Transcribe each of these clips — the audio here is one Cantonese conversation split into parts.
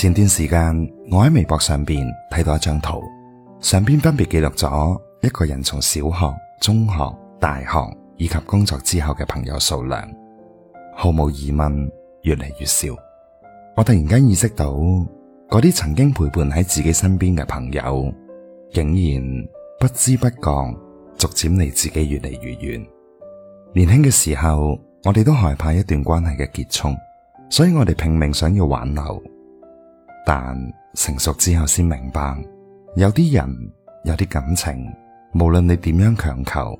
前段時間我喺微博上邊睇到一張圖，上邊分別記錄咗一個人從小學、中學、大學以及工作之後嘅朋友數量，毫無疑問越嚟越少。我突然間意識到，嗰啲曾經陪伴喺自己身邊嘅朋友，竟然不知不覺逐漸離自己越嚟越遠。年輕嘅時候，我哋都害怕一段關係嘅結束，所以我哋拼命想要挽留。但成熟之後先明白，有啲人，有啲感情，無論你點樣強求，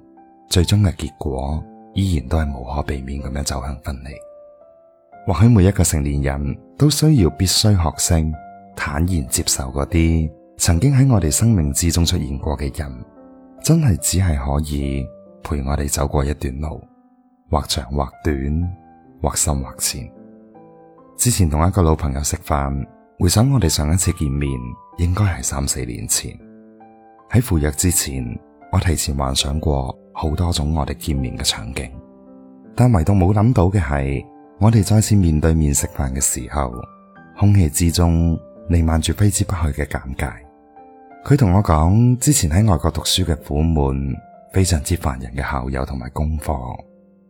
最終嘅結果依然都係無可避免咁樣走向分離。或許每一個成年人都需要必須學性坦然接受嗰啲曾經喺我哋生命之中出現過嘅人，真係只係可以陪我哋走過一段路，或長或短，或深或淺。之前同一個老朋友食飯。回想我哋上一次見面，應該係三四年前。喺赴約之前，我提前幻想過好多種我哋見面嘅場景，但唯獨冇諗到嘅係，我哋再次面對面食飯嘅時候，空氣之中彌漫住揮之不去嘅尷尬。佢同我講，之前喺外國讀書嘅苦悶，非常之煩人嘅校友同埋功課，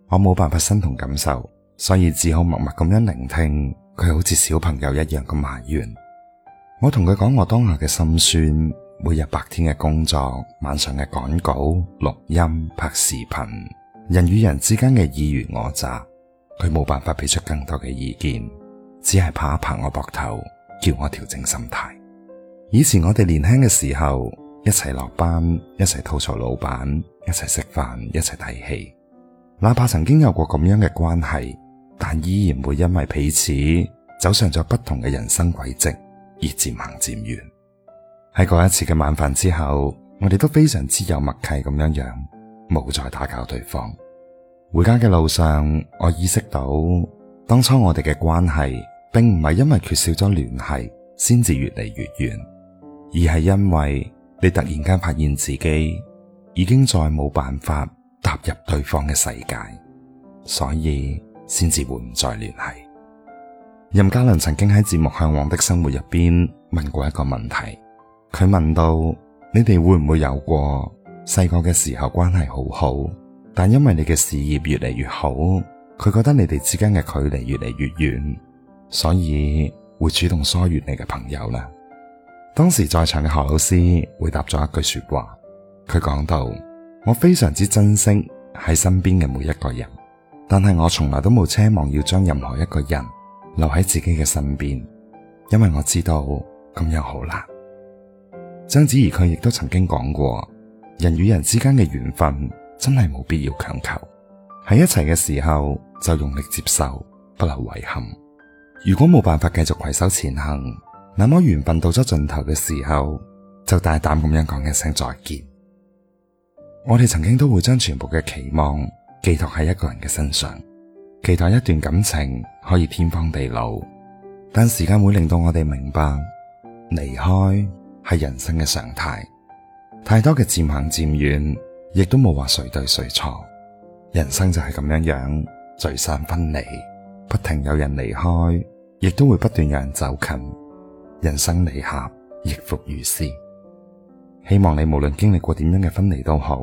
我冇辦法身同感受，所以只好默默咁樣聆聽。佢好似小朋友一樣咁埋怨，我同佢講我當下嘅心酸，每日白天嘅工作，晚上嘅趕稿、錄音、拍視頻，人與人之間嘅爾虞我詐，佢冇辦法俾出更多嘅意見，只係拍一拍我膊頭，叫我調整心態。以前我哋年輕嘅時候，一齊落班，一齊吐槽老闆，一齊食飯，一齊睇戲，哪怕曾經有過咁樣嘅關係。但依然會因為彼此走上咗不同嘅人生軌跡而漸行漸遠。喺嗰一次嘅晚飯之後，我哋都非常之有默契咁樣樣，冇再打攪對方。回家嘅路上，我意識到當初我哋嘅關係，並唔係因為缺少咗聯繫先至越嚟越遠，而係因為你突然間發現自己已經再冇辦法踏入對方嘅世界。所以，先至會唔再聯繫。任嘉倫曾經喺節目《嚮往的生活》入邊問過一個問題，佢問到：你哋會唔會有過細個嘅時候關係好好，但因為你嘅事業越嚟越好，佢覺得你哋之間嘅距離越嚟越遠，所以會主動疏遠你嘅朋友啦。當時在場嘅何老師回答咗一句說話，佢講到：我非常之珍惜喺身邊嘅每一個人。但係我從來都冇奢望要將任何一個人留喺自己嘅身邊，因為我知道咁樣好難。章子怡佢亦都曾經講過，人與人之間嘅緣分真係冇必要強求，喺一齊嘅時候就用力接受，不留遺憾。如果冇辦法繼續攜手前行，那麼緣分到咗盡頭嘅時候，就大膽咁樣講一聲再見。我哋曾經都會將全部嘅期望，寄託喺一個人嘅身上，期待一段感情可以天荒地老，但時間會令到我哋明白，離開係人生嘅常態。太多嘅漸行漸遠，亦都冇話誰對誰錯。人生就係咁樣樣，聚散分離，不停有人離開，亦都會不斷有人走近。人生離合，亦復如是。希望你無論經歷過點樣嘅分離都好，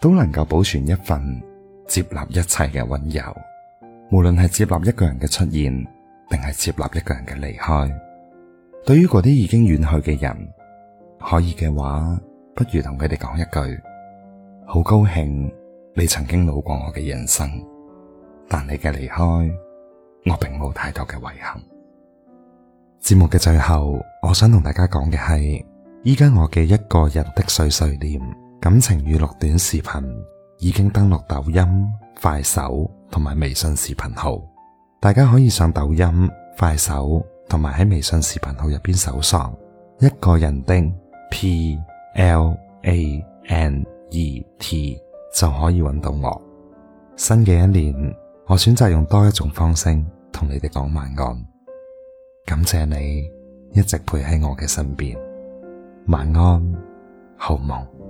都能夠保存一份。接納一切嘅溫柔，無論係接納一個人嘅出現，定係接納一個人嘅離開。對於嗰啲已經遠去嘅人，可以嘅話，不如同佢哋講一句：好高興你曾經路過我嘅人生，但你嘅離開，我並冇太多嘅遺憾。節目嘅最後，我想同大家講嘅係：依家我嘅一個人的碎碎念，感情語錄短視頻。已經登錄抖音、快手同埋微信視頻號，大家可以上抖音、快手同埋喺微信視頻號入邊搜索一個人的 P L A N E T 就可以揾到我。新嘅一年，我選擇用多一種方式同你哋講晚安，感謝你一直陪喺我嘅身邊，晚安，好夢。